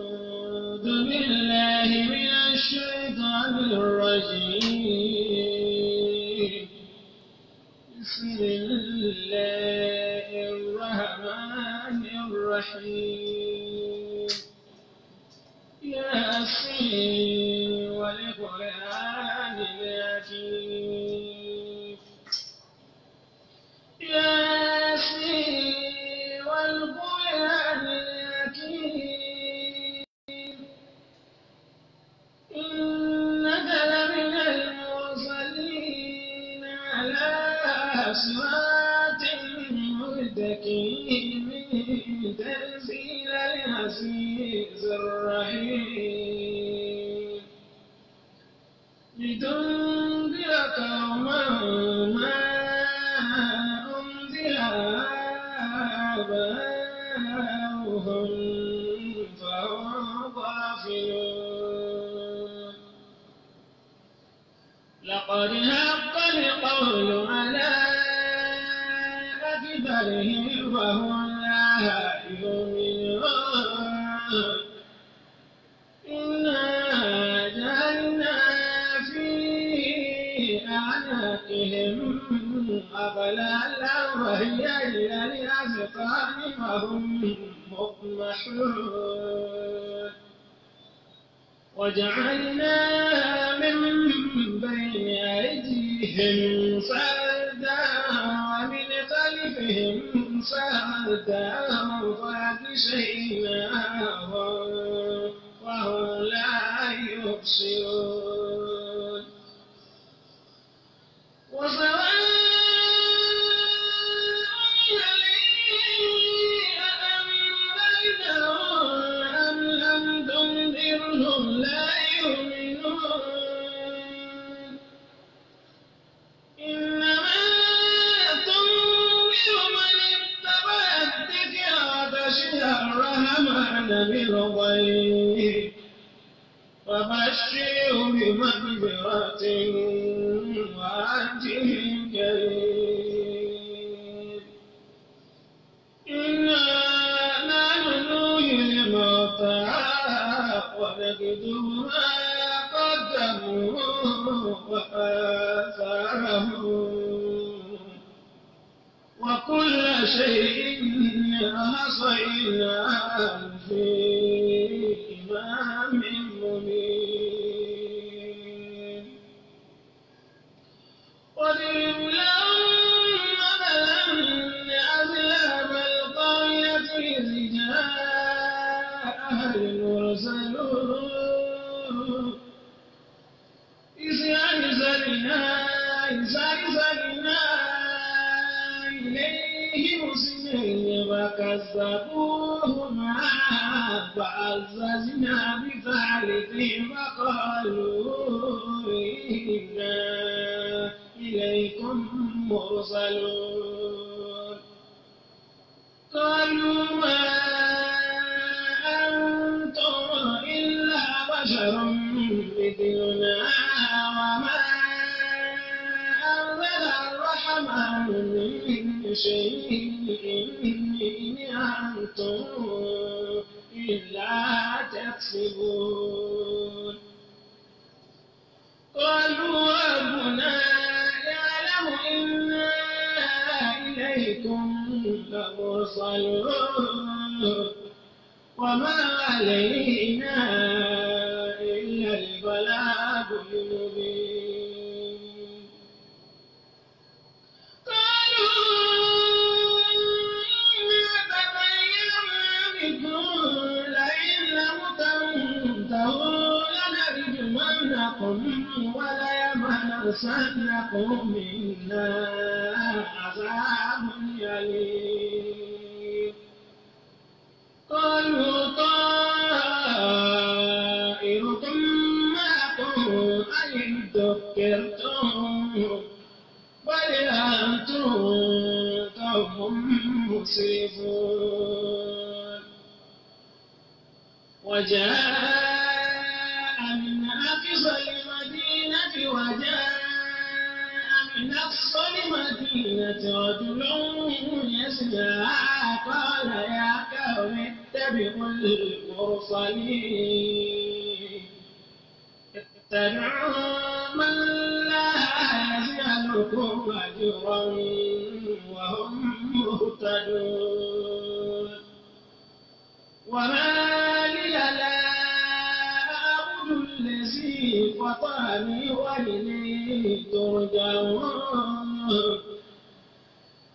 أعوذ بالله من الشيطان بسم الله الرحمن الرحيم ياسين والقرآن الحكيم وهم مطمحون وجعلنا من بين أيديهم سدا ومن خلفهم سدا فأغشيناهم وهم لا يبصرون تنذرهم لا يؤمنون إنما تنذر من اتبع الذكرة شهر رمضان بالغيب فبشره بمغفرة وكل شيء أحصيناه في فكذبوهما فعززنا بثالث وقالوا إنا إليكم مرسلون قالوا ما أنتم إلا بشر مثلنا وما أنزل الرحمن من شيء أنتم إلا تكسبون قالوا ربنا يعلم إنا إليكم لمرسلون وما علينا يتصدق منا عذاب يليم قالوا طائركم معكم أئن ذكرتم بل أنتم قوم وجاء رجل العمر يسجى قال يا قوم اتبعوا المرسلين اتبعوا من لا يسألكم أجرا وهم مهتدون وما لي لا أعبد الذي فطرني وإليه ترجعون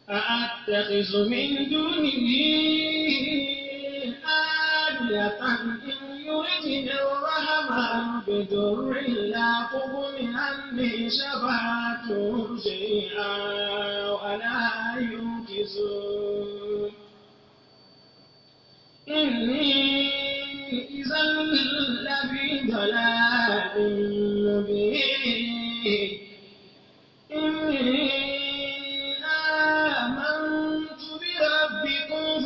أأتخذ من دونه آلية إن يردني الرحمن بضر لا من عني شفاعتهم شيئا ولا ينقذون إني إذا لفي ضلال مبين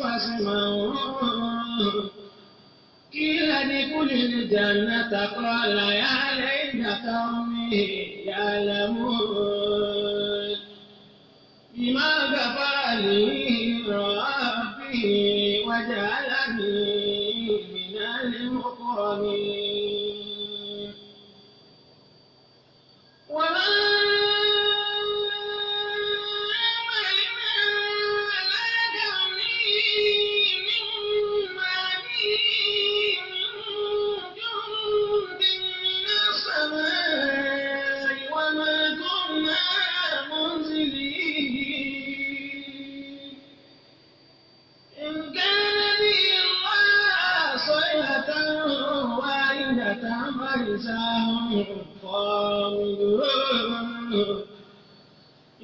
فاسمعون قيل لكل الجنة قال يا ليت قومي يعلمون بما غفر لي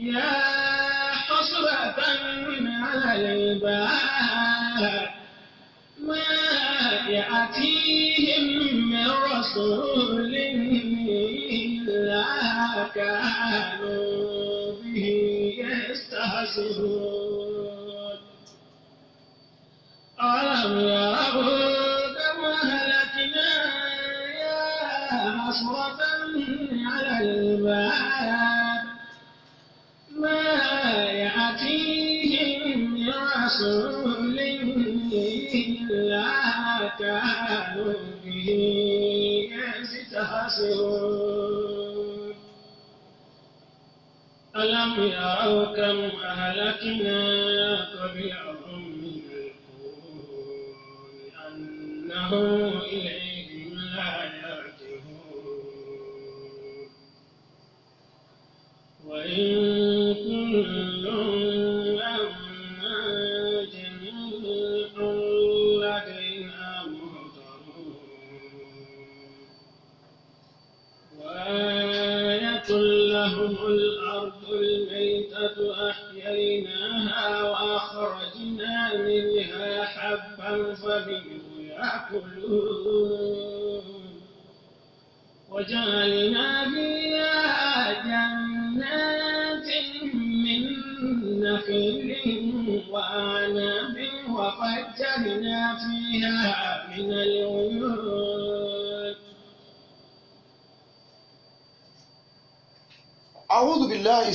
يا حسرة على الباب ما يأتيهم من رسول إلا كانوا به يستهزئون ألم يروا كما هلكنا يا حسرة على الباب كانوا به يستهزئون ألم يروا كم أهلكنا قبلهم من القرون أنهم هم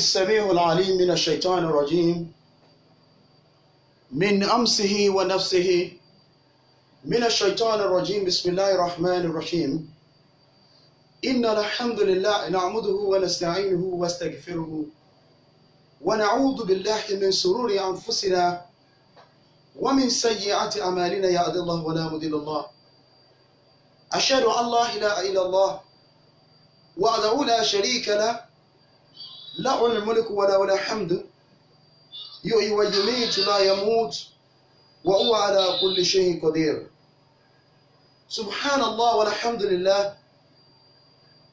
السميع العليم من الشيطان الرجيم من أمسه ونفسه من الشيطان الرجيم بسم الله الرحمن الرحيم إن الحمد لله نعمده ونستعينه واستغفره ونعوذ بالله من سرور أنفسنا ومن سيئات أعمالنا يا الله ولا مدل الله أشهد أن لا إله إلا الله وأدعو لا شريك له له الملك وله الحمد يحيي ويميت لا يموت وهو على كل شيء قدير سبحان الله والحمد لله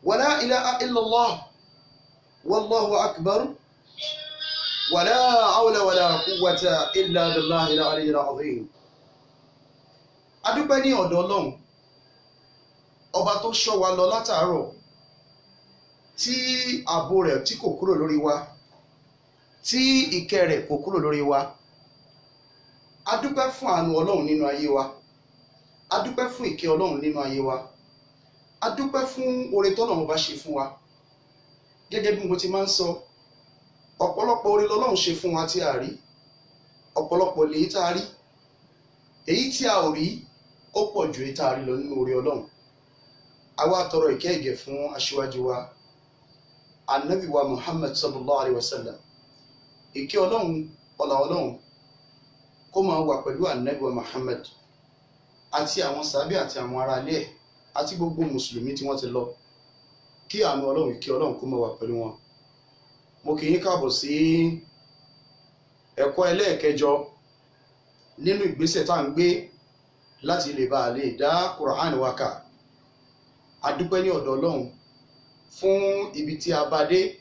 ولا إله إلا الله والله أكبر ولا حول ولا قوة إلا بالله العلي العظيم adúpẹ́ ní ọ̀dọ̀ ọlọ́run ọba tó ṣọ́ wa lọ látàárọ̀ tí ààbò rẹ̀ tí kò kúrò lórí wa tí ìkẹ́ rẹ̀ kò kúrò lórí wa a dúpẹ́ fún àánú ọlọ́run nínú ayé wa a dúpẹ́ fún ìkẹ́ ọlọ́run nínú ayé wa a dúpẹ́ fún oore tọ́lọ́run bá ṣe fún wa gẹ́gẹ́ bí mo ti máa ń sọ ọ̀pọ̀lọpọ̀ oore lọ́lọ́run ṣe fún wa tí a rí ọ̀pọ̀lọpọ̀ lèyí tá a rí èyí tí a ò rí ó pọ̀ ju èyí tá a rí lọ nínú oore ọlọ́run àwa tọrọ ìkẹ́ ìgẹ̀ fún aṣíwájú wa anabi wa muhammad sallallahu alayhi wa sallam ìkẹ́ ọlọ́run ọlá ọlọ́run kó máa wà pẹ̀lú anabi wa muhammad àti àwọn sàbí àti àwọn aráalé ẹ̀ àti gbogbo mùsùlùmí tí wọ́n ti lọ kí àánú ọlọ́run ìkẹ́ ọlọ́run kó máa wà pẹ̀lú wọn mo kì í káàbọ̀ sí ẹ̀kọ́ ẹlẹ́ẹ̀kẹjọ nínú ìgbésẹ̀ tá à ń gbé láti lè bá a lè dá Quran wa kà a dúpẹ́ ní ọ̀dọ̀ ọlọ́run fún ibi tí a bá dé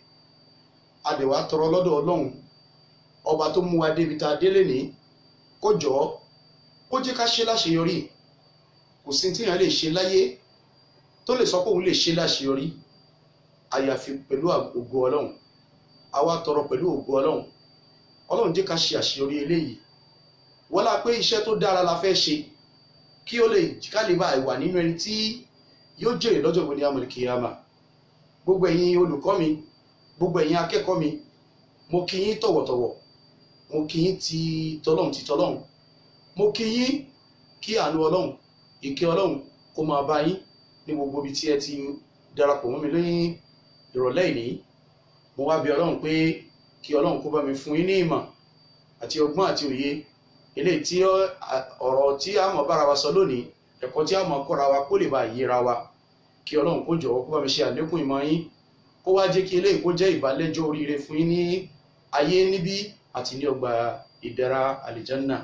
adẹ̀wà tọrọ lọ́dọ̀ ọlọ́run ọba tó mú wa débi tá a délé ní kó jọ kó jẹ́ ká ṣe láṣeyọrí kò sí tí èèyàn lè ṣe láyé tó lè sọ pé òun lè ṣe láṣeyọrí àyàfi pẹ̀lú ògo ọlọ́run àwa tọrọ pẹ̀lú ògo ọlọ́run ọlọ́run jẹ́ ká ṣe àṣeyọrí eléyìí wọ́n pé iṣẹ́ tó dára la fẹ́ ṣe kí ó lè ká ìwà nínú ẹni tí yóò jèrè lọ́jọ́ ìwé ní amòlìkìyàmà gbogbo ẹ̀yin olùkọ́ mi gbogbo ẹ̀yin akẹ́kọ̀ọ́ mi mo kí yín tọ̀wọ̀tọ̀wọ̀ mo kí yín ti tọlọ́hun ti tọlọ́hun mo kí yín kí àánú ọlọ́hun ìkẹ́ ọlọ́hun kó máa bá yín ní gbogbo ibi tí ẹ ti darapọ̀ mọ́ mi lóyún ìrọ̀lẹ́ ìní mo wá bí ọlọ́hun pé kí ọlọ́hun kó bá mi fún yín ní ìmọ̀ àti ọgbọ́n àti òye eléyìí tí ọ̀rọ̀ tí a bára wa sọ lónìí ẹ̀kọ́ tí a kọ́ra wa kó lè bá yíra wa kí ọlọ́run kó jọ̀wọ́ kó bá mi ṣe àlékún ìmọ̀ yín kó wá jẹ́ kí eléyìí kó jẹ́ ìbálẹ́jọ́ oríire fún yín ní ayé níbí àti ní ọgbà ìdẹ̀ra àlìjánná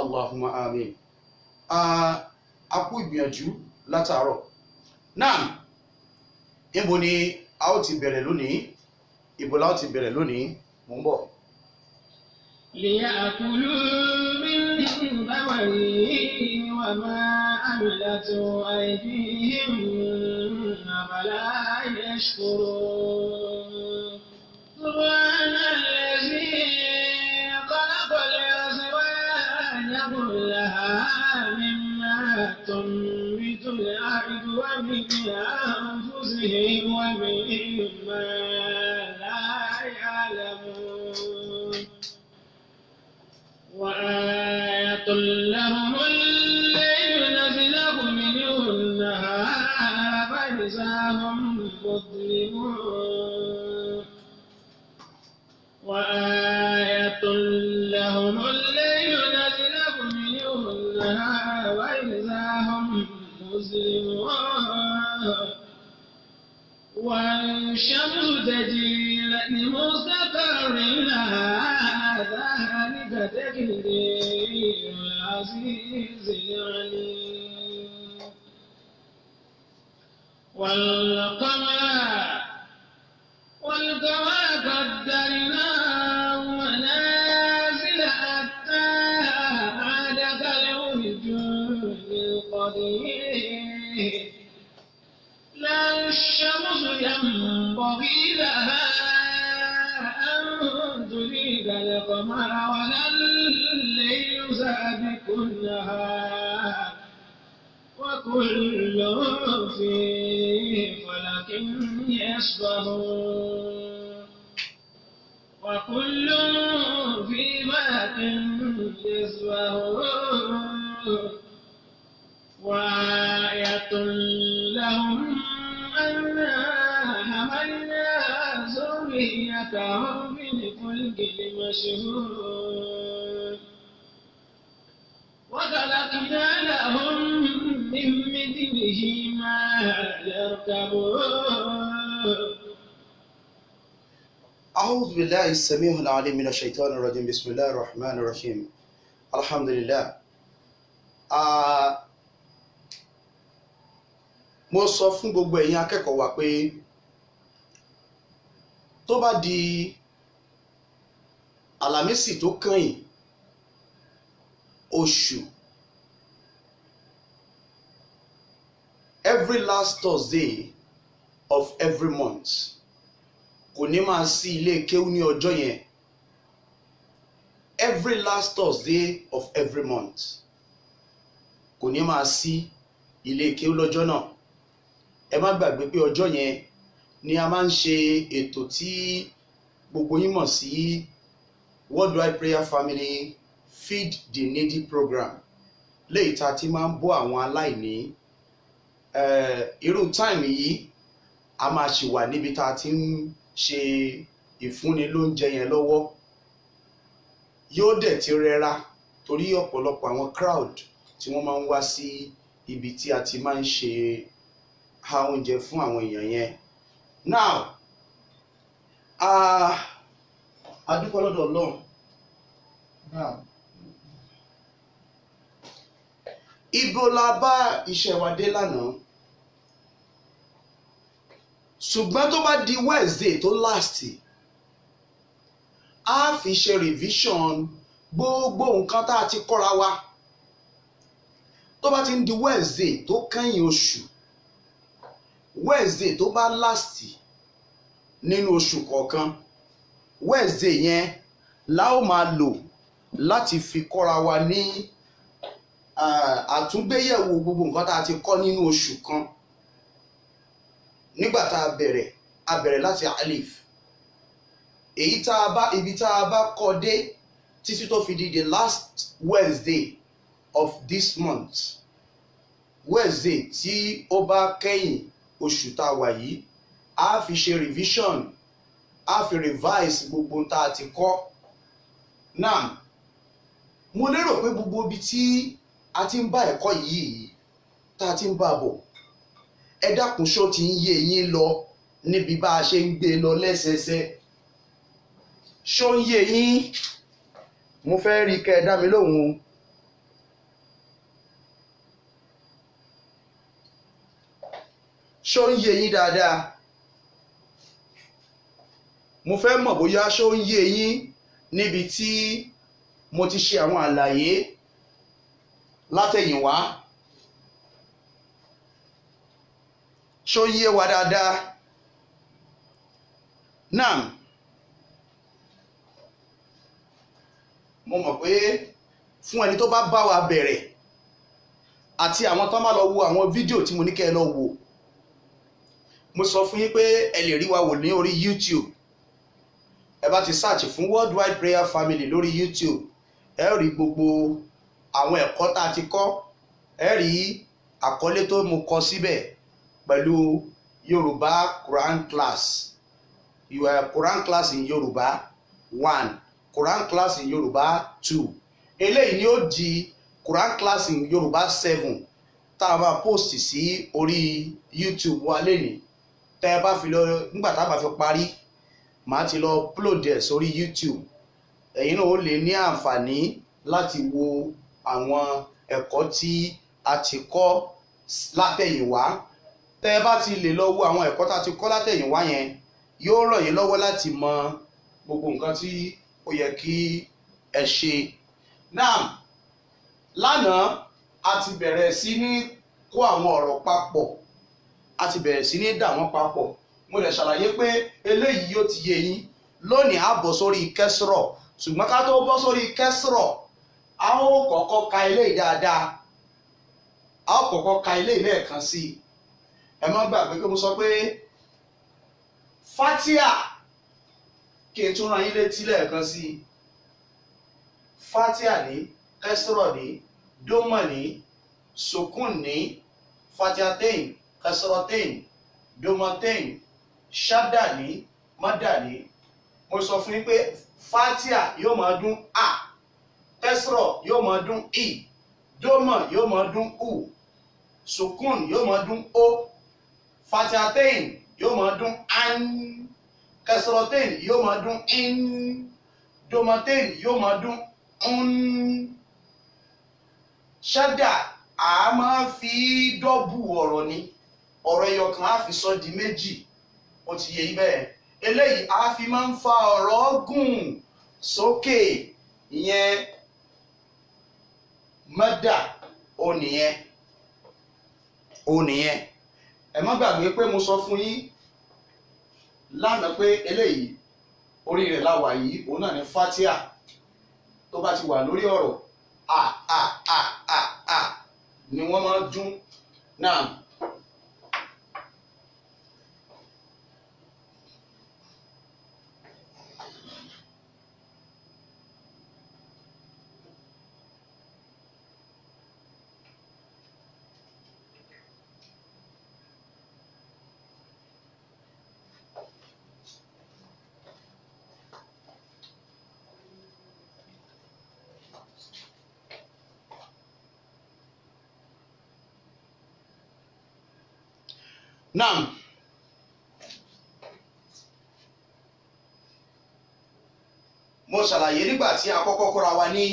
allahumma amin a kú ìgbìyànjú látàárọ̀ náà níbo ni a ó ti bẹ̀rẹ̀ lónìí ibo la bẹ̀rẹ̀ lónìí mò ń bọ̀. lè àkùlù mi. بولي وما أملت أيديهم فلا يشكرون سبحان الذي خلق الأزواج كلها مما تنبت الأرض ومن أنفسهم ومما قل لهم الليل نزله منه النهار فإذا هم مظلمون وآية لهم الليل نزله منه النهار وإذا هم مظلمون والشمس تجري لمستقر لها كتكبير العزيز العليم والقمر والقمر قدرناه منازل حتى عاد الجند القديم لا الشمس ينبغي لها القمر ولا الليل سابق النهار وكل في فلك يسبحون وكل في ملك يسبحون وآية لهم أنها ذريته بالفلك مشهور وخلقنا لهم من مثله ما يركبون أعوذ بالله السميع العليم من الشيطان الرجيم بسم الله الرحمن الرحيم الحمد لله mo sọ fún gbogbo ẹ̀yin akẹ́kọ̀ọ́ wa pé tó bá di alamisi tó kàn oṣù every last Thursday of every month kò ní máa sí ilé kéwú ní ọjọ́ yẹn every last Thursday of every month kò ní máa sí ilé kéwú lọ́jọ́ náà ẹ má gbàgbé pé ọjọ́ yẹn ni a máa ń ṣe ètò tí gbogbo yín mọ̀ sí worldwide prayer family feed the needy program léyìí tá a ti máa ń bọ́ àwọn aláìní irú táìmì yìí a máa ṣì wà níbi tá a ti ń ṣe ìfúnni lóúnjẹ yẹn lọ́wọ́ yóò dẹ̀ ti rẹra torí ọ̀pọ̀lọpọ̀ àwọn crowd tí wọ́n máa ń wá sí ibi tí a ti máa ń ṣe ha oúnjẹ fún àwọn èèyàn yẹn now uh, adúpọ̀ lọ́dọ̀ ọlọ́run now ibo la bá iṣẹ́ wa dé lánàá ṣùgbọ́n tó bá di Wednesday tó last a fi ṣe revision gbogbo nǹkan tá a ti kọ́ra wa tó bá ti ń di Wednesday tó kẹ́yìn oṣù wednesday tó bá last nínú oṣù kọ̀ọ̀kan wednesday yẹn la ó máa lò láti fi kọ́ra wa ní eh, àtúngbéyẹ̀wò gbogbo nǹkan tá a ti kọ́ nínú oṣù kan nígbà tá a bẹ̀rẹ̀ a bẹ̀rẹ̀ láti alif èyí tá a bá ibi tá a bá kọ́ dé títí tó fi di the last wednesday of this month wednesday tí ó bá kẹ́yìn oṣù tá a wà yìí a fi ṣe revision a fi revise gbogbo tá a ti kọ́ náà mo lérò pé gbogbo ibi tí a ti ń bá ẹ̀kọ́ yìí tá a ti ń bá bọ̀ ẹ dákun ṣó ti ń yé yín lọ níbi bá a ṣe ń gbé lọ lẹ́sẹẹsẹ ṣó ń yé yín mo fẹ́ rí kẹ́ ẹ dá mi lóhùn o. ṣó ń yé yín dáadáa mo fẹ́ mọ̀ bóyá ṣó ń yé yín níbi tí mo ti ṣe àwọn àlàyé látẹ̀yìnwá ṣó ń yé wa dáadáa náà mo mọ̀ pé fún ẹni tó bá bá wa bẹ̀rẹ̀ àti àwọn tó má lọ wo àwọn fídíò tí mo ní kẹ́ ẹ lọ wò mo sọ fún yín pé ẹ lè rí wa wò ní orí YouTube ẹ bá ti search fún worldwide prayer family lórí YouTube ẹ rí gbogbo àwọn ẹ̀kọ́ tá a ti kọ́ ẹ rí àkọlé tó mo kọ síbẹ̀ pẹ̀lú Yorùbá Quran class you are Quran class in Yorùbá one Quran class in Yorùbá two eléyìí ni ó di Quran class in Yorùbá seven tá a máa post sí orí YouTube wa lẹ́nìí tẹ́ ẹ bá fi lọ nígbà tá a bá fi parí màá ti lọ upload ẹ̀ sórí YouTube ẹ̀yin náà ó lè ní àǹfààní láti wo àwọn ẹ̀kọ́ tí a ti kọ́ látẹ̀yìnwá tẹ́ ẹ bá ti lè lọ wo àwọn ẹ̀kọ́ tá a ti kọ́ látẹ̀yìnwá yẹn yóò ràn yín lọ́wọ́ láti mọ gbogbo nǹkan tí ó yẹ kí ẹ ṣe. náà lánàá a ti bẹ̀rẹ̀ sí ní kó àwọn ọ̀rọ̀ papọ̀ a ti bẹ̀rẹ̀ sí ní dà wọ́n papọ̀ mo lè ṣàlàyé pé eléyìí yóò ti yé yín lónìí a bọ̀ sórí kẹsìrọ̀ ṣùgbọ́n ká tó bọ́ sórí kẹsìrọ̀ a ó kọ́kọ́ ka eléyìí dáadáa a ó kọ́kọ́ ka eléyìí lẹ́ẹ̀kan sí i ẹ má gbàgbé pé mo sọ pé fatia kí n tún ran yín létí lẹ́ẹ̀kan sí i fatia ní kẹsìrọ̀ ní dómọ̀ ní sukun ní fatiatein kasratain domatain ṣádàní mádàní mo sọ fún yín pé fatia yóò máa dún a kẹsìrọ yóò máa dún i dómọ yóò máa dún u sukun yóò máa dún o fatiatain yóò máa dún an kẹsìrọtain yóò máa dún in domatain yóò máa dún un ṣádà a máa fi dọ́bù ọ̀rọ̀ ni ọ̀rọ̀ ẹyọ kan á fi sọ di méjì ó ti yé ibẹ̀ eléyìí á fi máa ń fa ọ̀rọ̀ gùn sókè ìyẹn mọ́dà ó nìyẹn ó nìyẹn ẹ má gbàgbé pé mo sọ fún yín lánàá pé eléyìí orí rẹ̀ la wà yìí òun náà ní fatia tó bá ti wà lórí ọ̀rọ̀ a a a a a ni wọ́n máa dún náà. Naam. mo ṣàlàyé nígbà tí a kọ́kọ́ kóra wa ní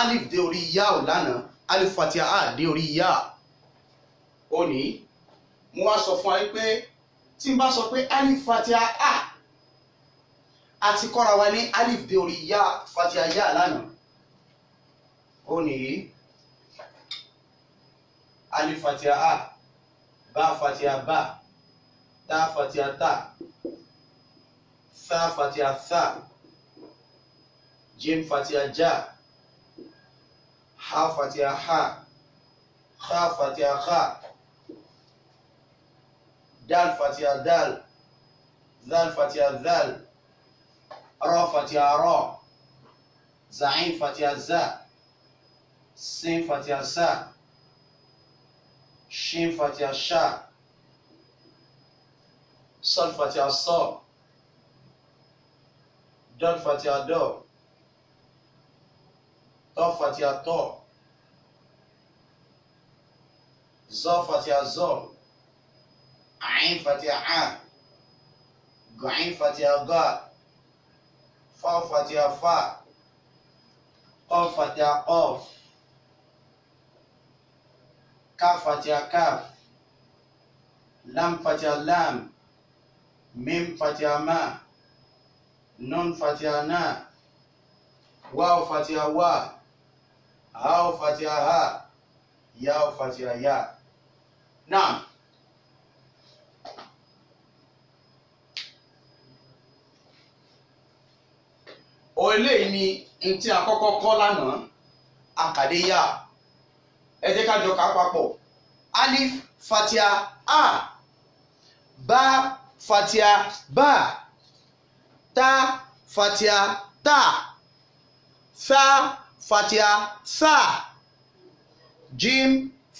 alif dé orí yá ò lánàá alif fatia a dé orí yá òní mo wá sọ fún wa pé tí n bá sọ pé alif fatia a a ti wa ní alif dé orí yá fatia yá lánàá òní alif fatia a. با فاتيا با تا فاتيا تا سا فاتيا سا جيم فاتيا جا حاء فاتيا حاء خاء فاتيا خاء دال فاتيا دال ذال فاتيا ذال را فاتيا را زعيم فاتيا زاء سين فاتيا سا shin fatiha sha sod fatiha so dod fatiha do to fatiha to zo fatiha zo ain fatiha a gain fatiha ga fa fatiha fa of fatiha of kaf fatiha kaf lam fatiha lam mim fatiha ma nun fatiha na waw fatiha wa haw fatiha ha yaw fatiha ya naam o eléyìí ni n tí a kọ́kọ́ lánàá àkàdé yá ẹ jẹ́ ká jọ kà papọ̀ alif fatia a ba fatia ba ta fatia ta sa fatia sa jim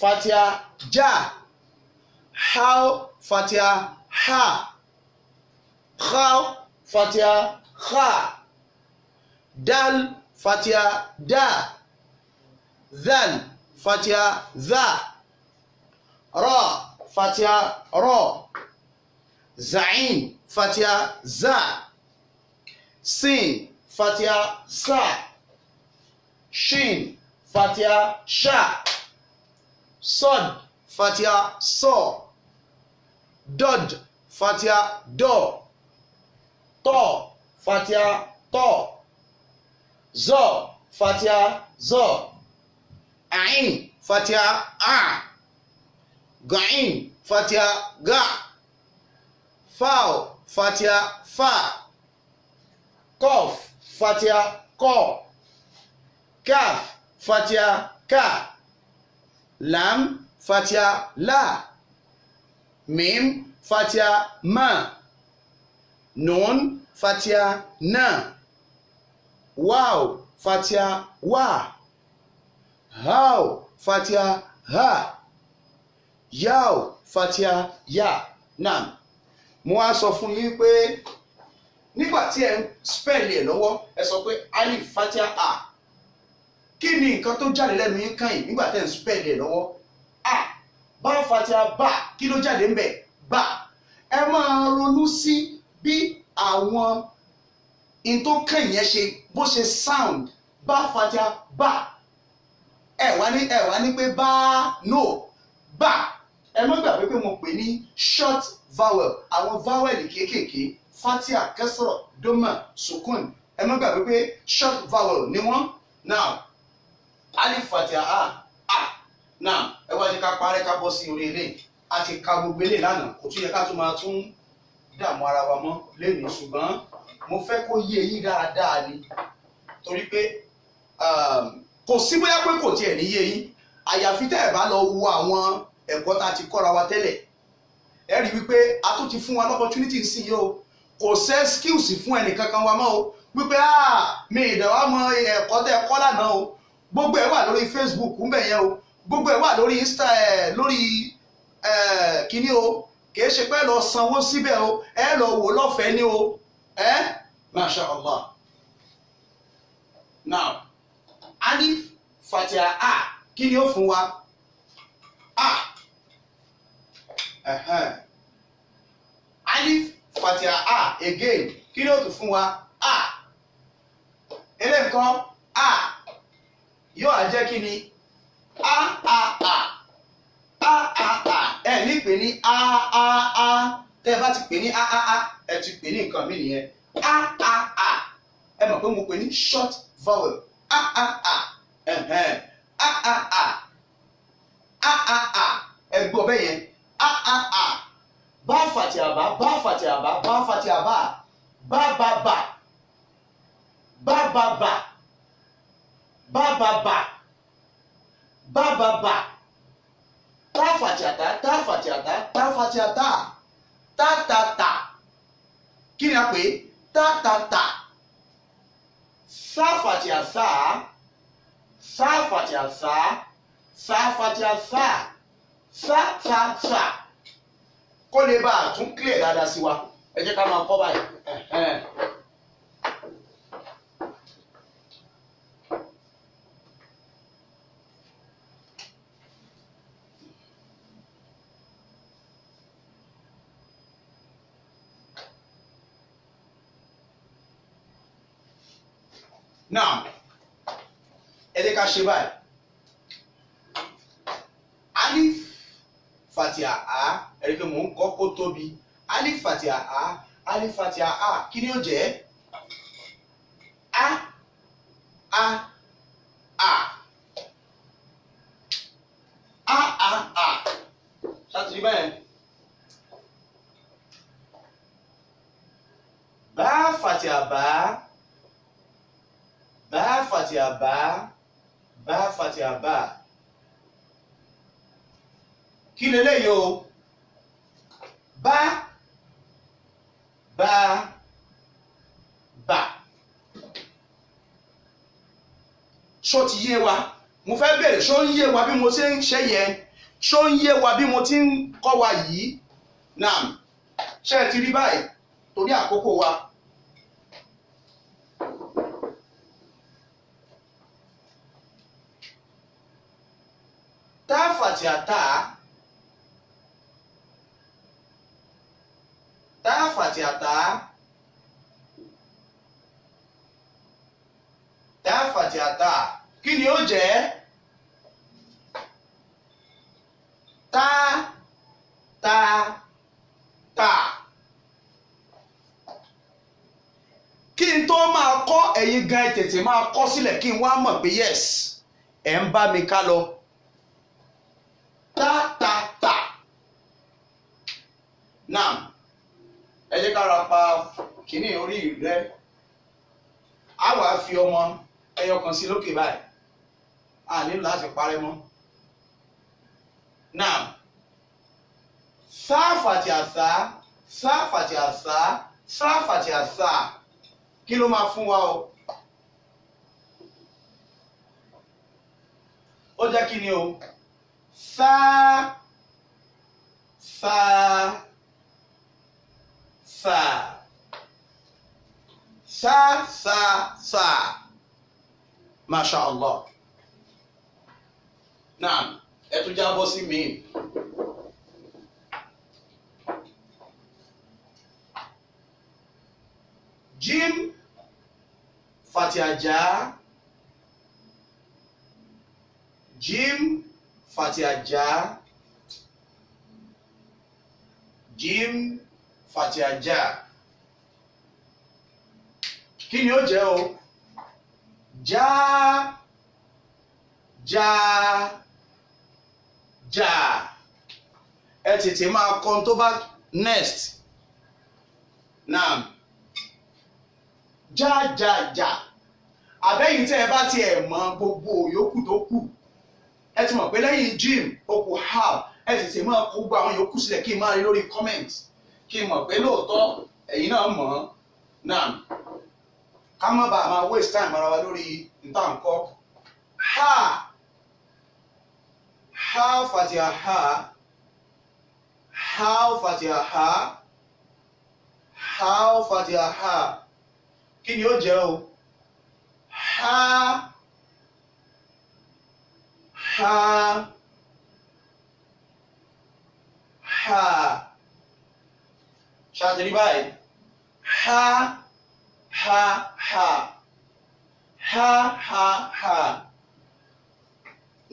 fatia ja how fatia ha kha fatia kha dal fatia da zal. fatiha za ra fatiha ra za'in fatiha za sin fatiha sa shin fatiha sha sod fatiha so dod fatiha do to fatiha to zo fatiha zo ain fatia a gain fatia ga fowl fatia fa cough fatia ko kaf fatia ka lam fatia la mim fatia ma nun fatia na waw fatia wa How, fatia ha yao fatia ya nam mo wá sọ fún yín pé nígbà tí ẹ ń spẹ́ẹ̀lì ẹ̀ lọ́wọ́ ẹ sọ pé alif fatia a kí ni nǹkan tó jáde lẹ́nu yín kàn yìí nígbà tí ẹ ń spẹ́ẹ̀lì ẹ̀ lọ́wọ́ a bá fatia ba. kí ló jáde ń bẹ̀ bá ẹ máa ronú sí bí àwọn in kàn yẹn ṣe bó ṣe sound bá fatia ba ẹ wá ní ẹ wá ní pé bá no bá ẹ má gbàgbé pé mo pè ní short vowel àwọn vowel kéékèèké fatia kẹsọrọ doma sukun ẹ má gbàgbé pé short vowel ni wọn now alif fatia a a now ẹ wá ní ká parẹ́ ká bọ́ sí orí ilé a ti ka gbogbo ilé lánàá kò tún yẹ ká tún máa tún dààmú ara wa mọ́ lẹ́nu ṣùgbọ́n mo fẹ́ kó yé yín dáadáa ni torí pé um, kò sí bóyá pé kò tiẹ̀ níyé yín àyàfi tẹ́ ẹ̀ bá lọ wo àwọn ẹ̀kọ́ tá a ti kọ́ra wa tẹ́lẹ̀ ẹ rí wípé a tún ti fún wa lọ́pọ̀tunity sí yìí o kò sẹ́ skills fún ẹnìkankan wa mọ́ o wípé mi ìdàwọ́ mọ ẹ̀kọ́ tẹ́ ẹ kọ́ lánàá o gbogbo ẹ̀ wà lórí Facebook ń bẹ̀ yẹn o gbogbo ẹ̀ wà lórí insta ẹ̀ lórí kíní o kìí ṣe pé lọ sanwó síbẹ̀ o ẹ lọ wò lọ́fẹ̀ẹ́ ni o ẹ masha Allah now alif fatia a kí ni ó fún wa a alif fatia a again kí ni ó tún fún wa a eléyìí kan a yóò á jẹ́ kí ni a a a a a a ẹ ní pè ní a a a tẹ́ ẹ bá ti pè ní a a a ẹ ti pè ní nǹkan mi nìyẹn a a a ẹ mọ̀ pé mo pè ní short vowel. Ah ah ah, Ah ah ah, ah ah ah. ẹgbẹ́ ọbẹ̀ yẹn bá fàtì àbá bá fàtì àbá bá fàtì àbá bá bàbà bá bàbà bá bàbà bá bàbà tá fàtì àtá tá fàtì àtá tá fàtì àtá tá tàtà kí ni a pè é tá tàtà. Ta, ta, ta safatiya sa safatiya sa safatiya sa sa sa sa kó lè bá a tún clear dáadáa sí wa ẹ jẹ́ ká máa kọ́ báyìí. ṣe báyìí alif fatia a ẹ̀rí pé mò ń kọ́ kó tóbi alif fatia a alif fatia a kí ni ó jẹ́ àbá kí leléyìí o bá bá bà ṣó ti yé wa mo fẹ́ bèrè ṣó ń yé wa bí mo ṣe ń ṣe yẹn ṣó ń yé wa bí mo ti ń kọ́ wa yìí náà ṣe ti rí báyìí torí àkókò wa. tá a fàtì àtà tá a fàtì àtà tá a fàtì àtà kí ni ó jẹ́ tá tá tá. kí n tó máa kọ́ ẹ̀yin gan tètè máa kọ́ sílẹ̀ kí n wá mọ̀ pé yes ẹ̀ ń bá mi ká lọ tátàtà náà ẹ jẹ́ ká ra pa kínní orí rẹ á wà á fi ọmọ ẹyọ kan sí lókè báyìí a nílò láti parẹ́ mọ́ náà sáfàtì àṣà sáfàtì àṣà sáfàtì àṣà kí ló máa fún wa o. ó jẹ́ kí ni o fa fa fa sa sa sa masha allah naam ẹ tún jábọ́ sí mi. jim fatiha jaa jim fati aja, jim fati aja. kí ni ó jẹ́ o já já já ẹ tètè máa kọ́ tó bá next naam já já já àbẹ́yìí tẹ́ ẹ bá tiẹ̀ mọ gbogbo yòókù tó kù ẹ ti mọ̀ pé lẹ́yìn gym okù hab ẹ sì ṣe máa kó gba àwọn yòókù sílẹ̀ kí n máa rí lórí comment kí n mọ̀ pé lóòótọ́ ẹ̀yin náà mọ̀ ọ́n náà ká má bàa máa waste time ara wa lórí ntànkọ́ ha ha fàtìyà ha ha fàtìyà ha ha fàtìyà ha kí ni ó jẹ́ o ha ha ha ṣáàtì rí báyìí ha ha ha ha ha ha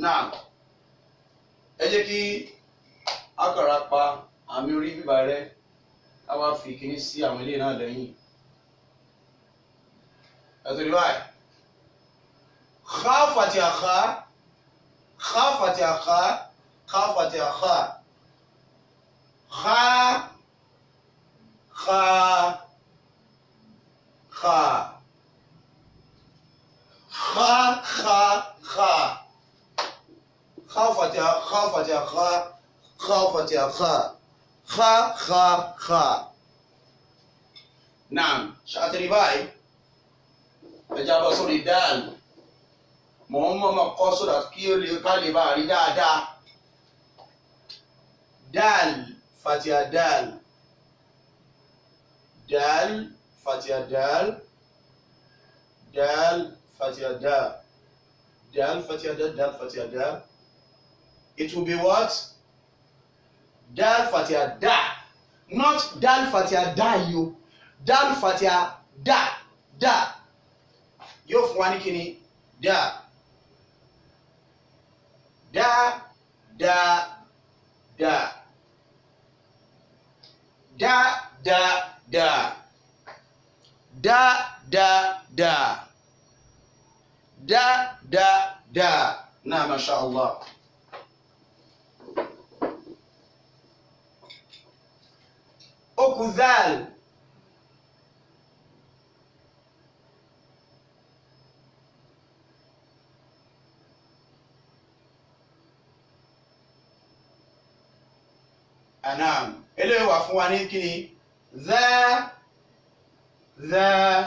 náà ẹ jẹ́ kí akọ̀rọ̀ apá àmì orí bíbá rẹ̀ á wá fi kíní sí àwọn ilé náà lẹ́yìn ẹ tó rí báyìí ha fàtì ข้าฟาตาข้าข้าฟาตาข้าข้าข้าข้าข้าข้าข้าข้าฟาตาข้าฟาตาข้าข้าฟาตาข้าข้าข้าข้าน نعم شاطر باي أجاب ر าสุริดาน mò ń mọ̀ọ́mọ̀ kọ́ sódà kí ó lè ká lè bá a rí dáadáa dal fatia dal dal fatia dal dal fatia dal dal fatia dal dal fatia dal it will be what dal fatia da not dal fatia da yo dal fatia da da yóò fún wa ní kíni da. da da da da da da da da da da da da nah masya Allah okuzal anam eléyìí wà fún wa ní kíni zá zá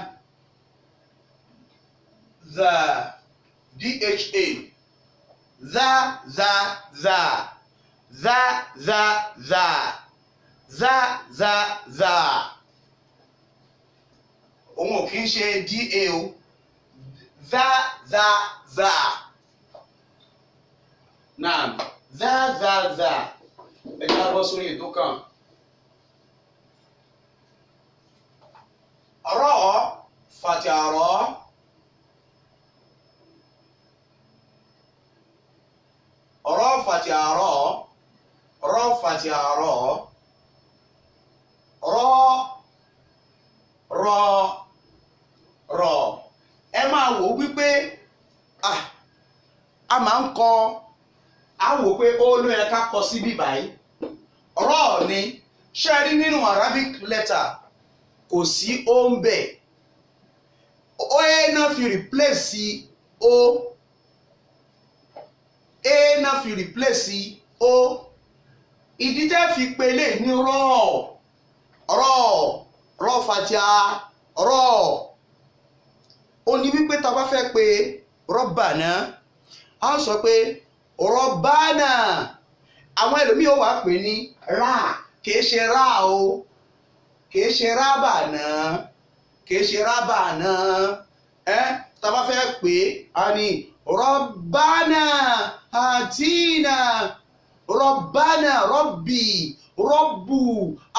zá dha zá zá zá zá zá zá zá zá zá òun ò kí ń ṣe da o zá zá zá naam zá zá zá ẹ káàbọ̀ sórí ètò kan. ọ̀rọ̀ ọ̀ fàtì àrọ̀ ọ̀. ọ̀rọ̀ fàtì àrọ̀ ọ̀ ọ̀rọ̀ fàtì àrọ̀ ọ̀ rọ̀ rọ̀ rọ̀ ẹ máa wò wípé a máa ń kọ. àwò pé ó ló yẹ ká kọ ni ṣe ninu nínú Arabic letter kò sí o ń bẹ ó na fi replace ó ẹ náà fi replace ó ìdí tẹ́ fi pele ní rọọ rọ rọ fatia rọ pe rọọ wípé tá a bá fẹ́ sọ Rabbana àwọn ẹlòmíì ó wà pè ní ra kìí ṣe ra o kìí ṣe rábà náà kìí ṣe rábà náà ẹ tá a bá fẹ́ pè é a ní Rabbana àtìnà Rabbana Rabbi rọ́bù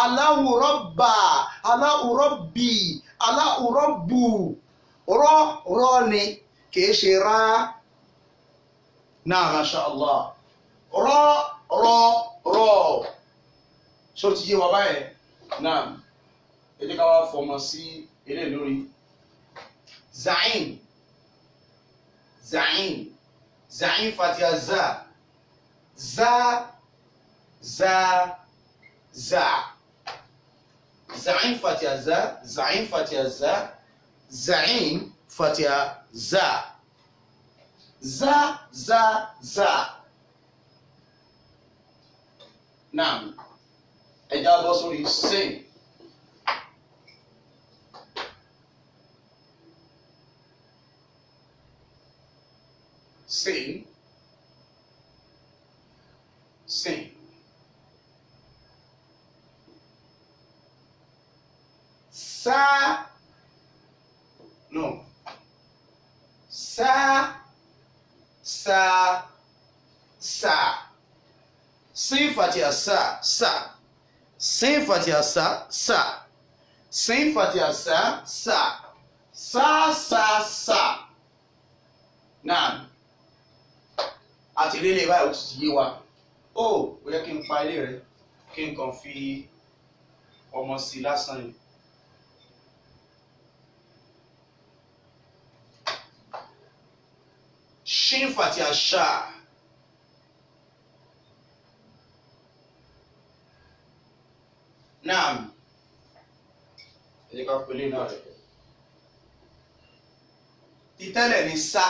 aláwù rọ́bà aláwù rọ́bì ni kìí ṣe rá náà masha allah rọ rọ rọ ṣó ti yé wa báyẹn náà ẹ jẹ́ ká wá fọmọ sí eré lórí zain zain zain fatia za za za za zain fatia za zain fatia za zain fatia za za za za naam ẹja bọ sórí sin sin sin sa no sa sa sa sin fatiha sa sa sin fatiha sa sa sin fatiha sa sa sa sa saa naam àti ilé ilé báyìí ó ti yé wa ó oh, ó yẹ kí n pa ilé rẹ kí n kàn fi ọmọ sí i lásán yìí. shin fati asha naam ẹ̀ka pẹ̀lú náà rẹ̀ títẹ́lẹ̀ ní sa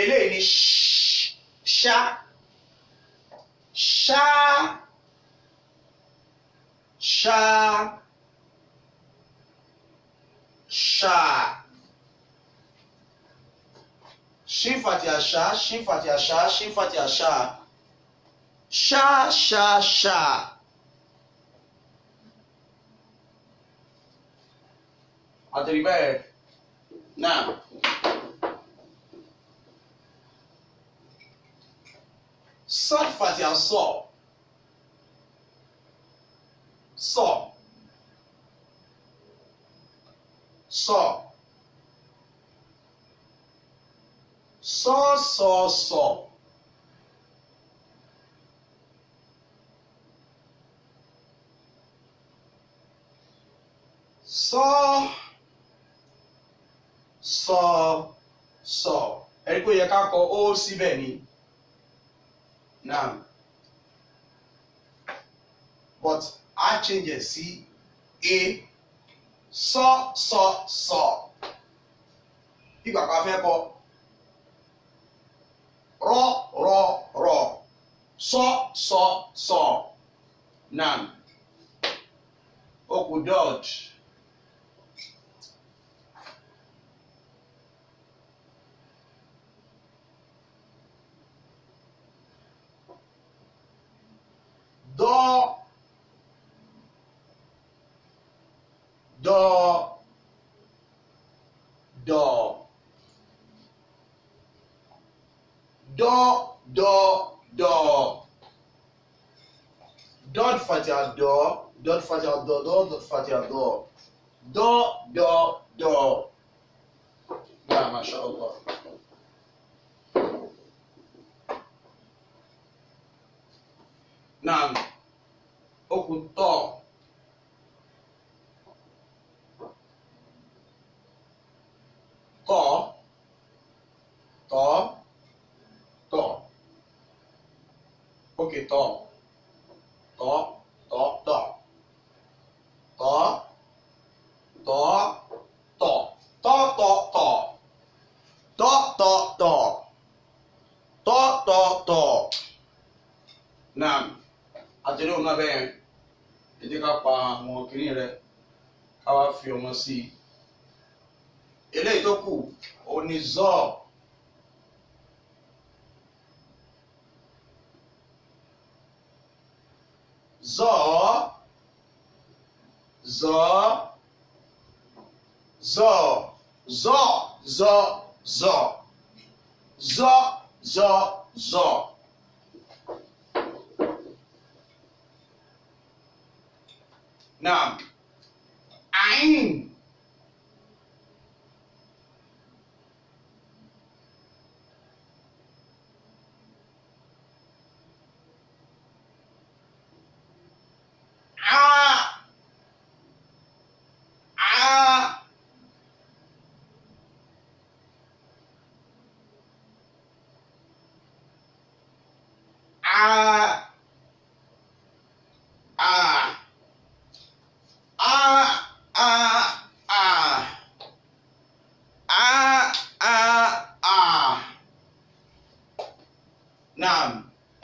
eléyìí ní ṣá ṣá ṣá ṣá. Shin Fatiha Shah, Shin Fatiha Shah, Shin Fatiha Shah. sha sha. Shah. àtẹ̀rí bẹ́ẹ̀ náà. Sad Fatiha sọ sọ sọ. sọ́ọ̀sọ̀ọ̀sọ̀ sọ́ọ̀sọ̀ọ̀sọ̀ ẹ̀rí pé ó yẹ ká kọ ó síbẹ̀ ni now but a change it sí a sọ́ọ̀sọ̀ọ̀sọ̀ ìgbà kan fẹ́ kọ. rọ rọ rọ sọ sọ sọ nan oku dọd dọ dọ dọ door door door dot fatiha door dot fatiha door door dot fatiha door door door door ya masha allah. naam okun tọ́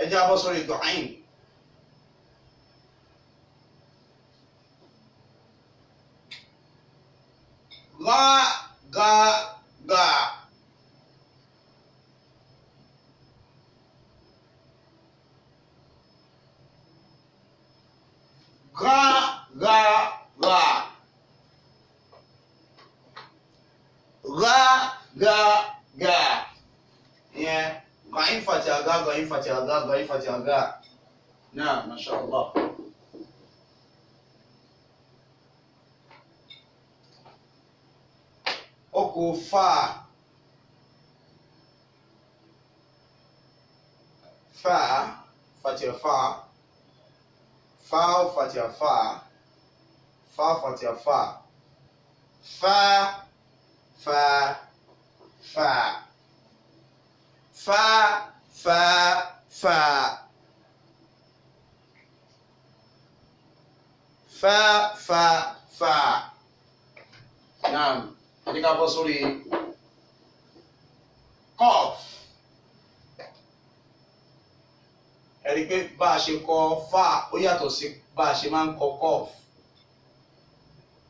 رجع بصري دعين dhaifati adha dhaifati adha naam mashaallah okufa fa fatia fa fa fatia fa fa fatia fa fa fa fa fa fa fa fa fa fa naam ẹ jẹ́ ká bọ́ sórí cough ẹ pé bá a ṣe kọ fa ó yàtọ̀ sí bá a ṣe máa ń kọ cough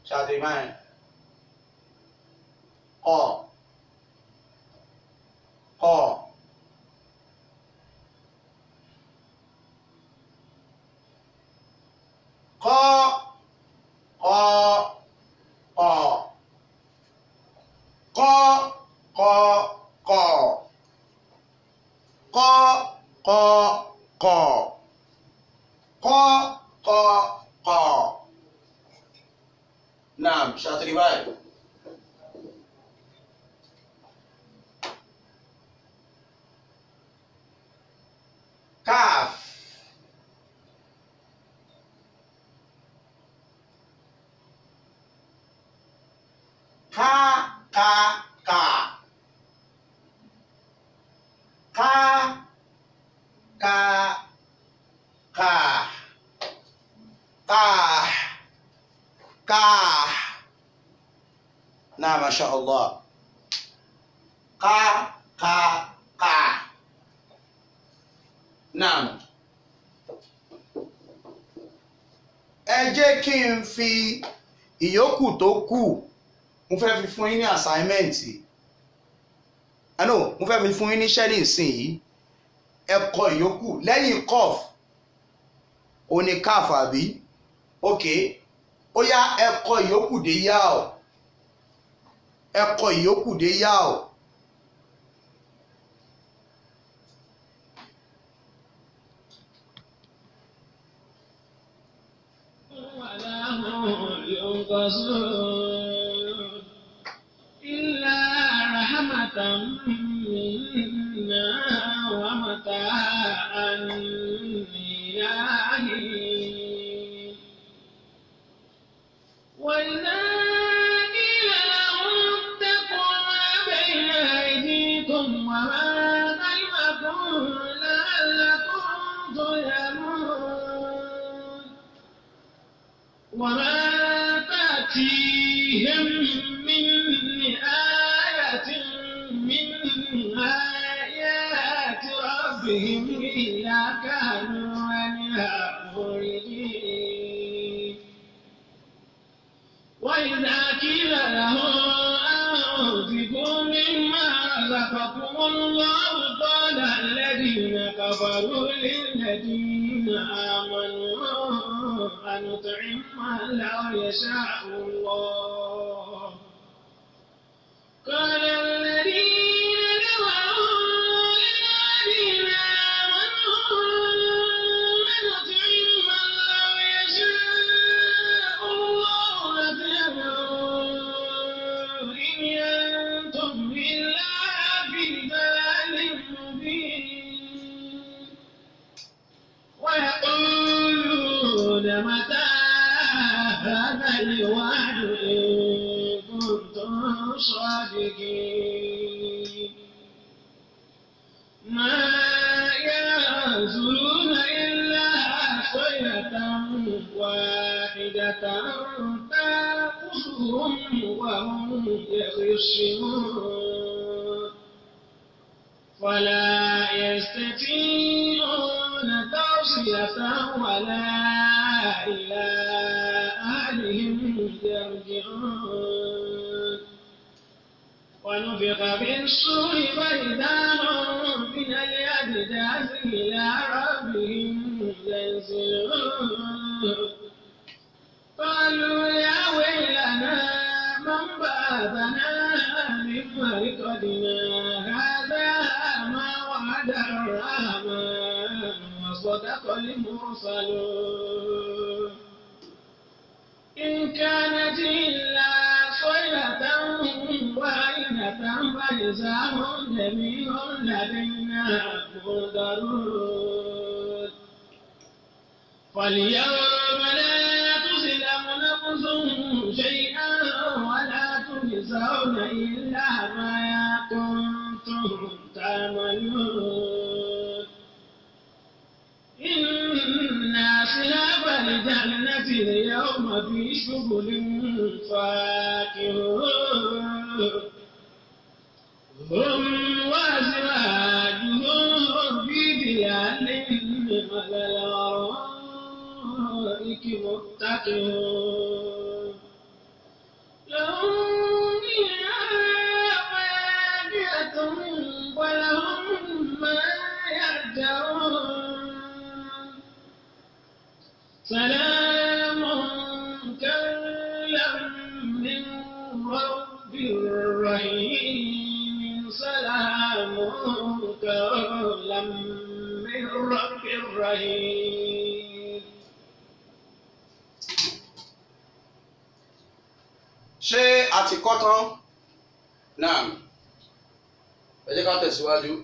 ṣáàtì máa ń kọ kọ. قاء قاء قاء قاء قاء قاء قاء قاء قاء قاء قاء قاء نعم شاطر باي yòókù tó kù mo fẹ́ fi fún yín ní assignment àná mo fẹ́ fi fún yín ní ṣẹ́lì ìsìn yìí ẹ̀kọ́ ìyókù lẹ́yìn cough òní calf àbí ok ó yá ẹ̀kọ́ ìyókù dé yá o ẹ̀kọ́ ìyókù dé yá o. Oh, القصور إلا رحمة منا ومتاعا إلهي وإذا قيل لهم ما بين أيديكم وما خلفكم لعلكم تهرمون وما تأتيهم من آية من آيات ربهم إلا كانوا عنها وإذا قيل لهم أنفقوا مما رزقكم الله قال الذين كفروا للذين آمنوا الله فنطعم من لا يشاء الله قال الذي يبصرون ولا يستطيعون توصية ولا إلى أهلهم يرجعون ونفخ بالصور فإذا هم من الأجداث إلى ربهم ينزلون قالوا يا أنبأتنا من مرقدنا هذا ما وعد الرحمن وصدق المرسلون إن كانت إلا صيلة واحدة فإذا هم جميع لدينا مهدرون فاليوم لا تظلم نفس شيئا تجزون إلا ما كنتم تعملون إنا خلاف الجنة اليوم في شغل فاكهون هم وأزواجهم في ديار على الأرائك متكئون سلام كلا من رب رحيم سلام كلا من رب رحيم ṣé a ti kọ́ tán náà ẹ jẹ́ ká tẹ̀síwájú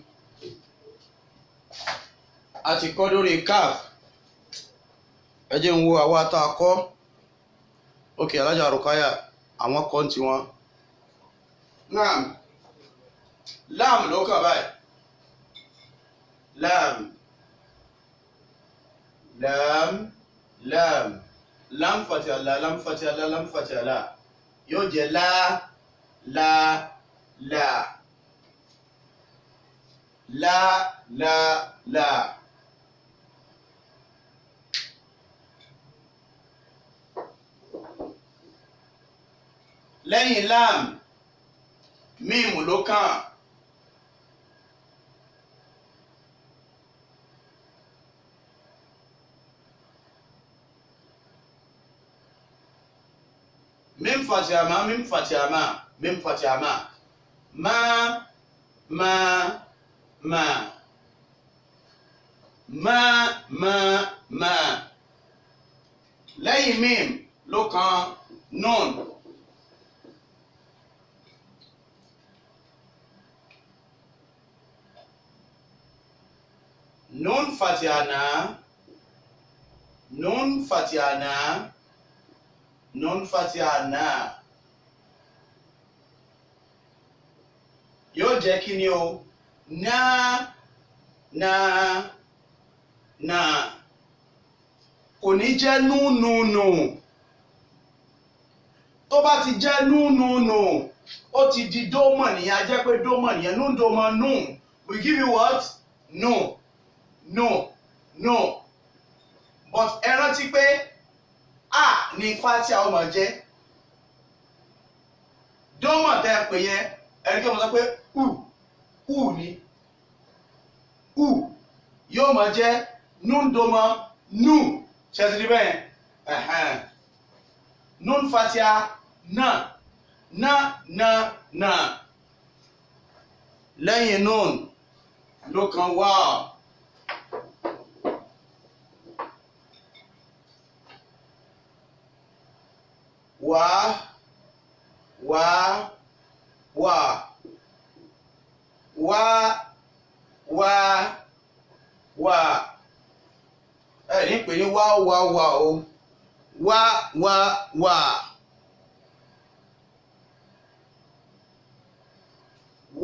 a ti kọ́ lórí káf ẹ jẹ́ ń wo àwa tá a kọ́ ókè alájà rukaya àwọn kọ́ ń tiwọn. naam lam ló kà báyìí lam lam lam lam fati ala lam fati ala lam fati ala yóò jẹ la la la la la la. la. lẹ́yìn lam míìmù ló kàn. min fatiama min fatiama min fatiama ma ma ma ma ma ma lẹ́yìn mím ló kàn nun. nun fatiana non fatiana nun fatiana yóò jẹ́ kí ni o na na na kò ní jẹ́ nùnùnù tó bá ti jẹ́ nùnùnù ó ti di dómọ̀ nìyẹn a jẹ́ pé dómọ̀ nìyẹn nùdómọ̀ nù we give you what? no no no but ẹ rántí pé a ní fatia ọmọ jẹ dọ́mọ̀ tẹ́ ẹ pè yẹn ẹni kí wọ́n sọ pé u u ni u yóò mọ̀ jẹ́ nùdọ́mọ̀ nù ṣẹ́sìdì bẹ́ẹ̀ nun fatia na na na na lẹ́yìn nun ló kan wáá. Wow. wá wá wà wá wá wà ẹ ní pè ní wá wá wà o wá wá wà.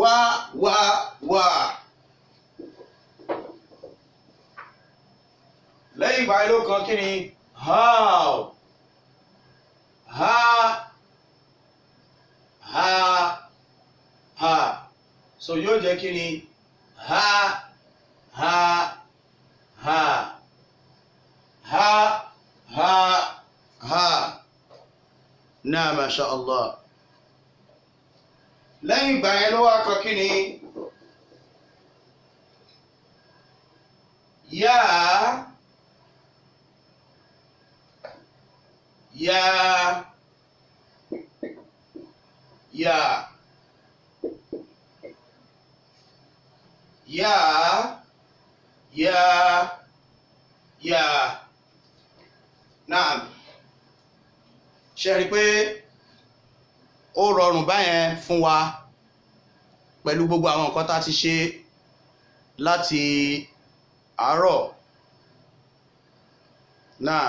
wá wá wà. lẹ́yìn ìgbà yẹn ló kan kí ni how ha ha ha so yóò jẹ́ kí ni ha ha ha ha ha ha náà masha allah lẹ́yìn ìgbà yẹn ló wá kọ kí ni yáa. yá yá yá yá yá náà ṣe rí i pé ó rọrùn báyẹn fún wa pẹ̀lú gbogbo àwọn nǹkan tá a ti ṣe láti àárọ̀ náà.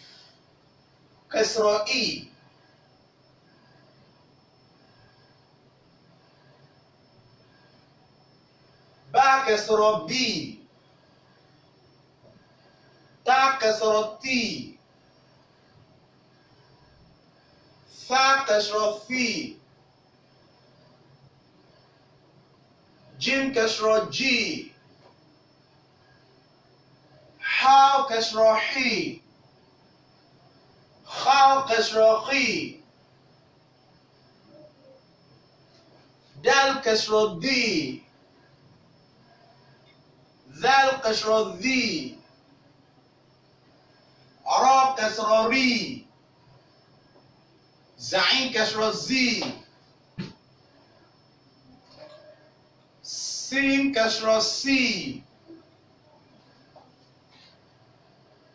كإسرائيل باء كسر بي تاء كسر تي ثاء كسر في جيم كسر جي حاء كسر حي خلق كسر دال كسر الدي ذال كسر الذي را كسر ري زعين كسر الزي سين كسر السي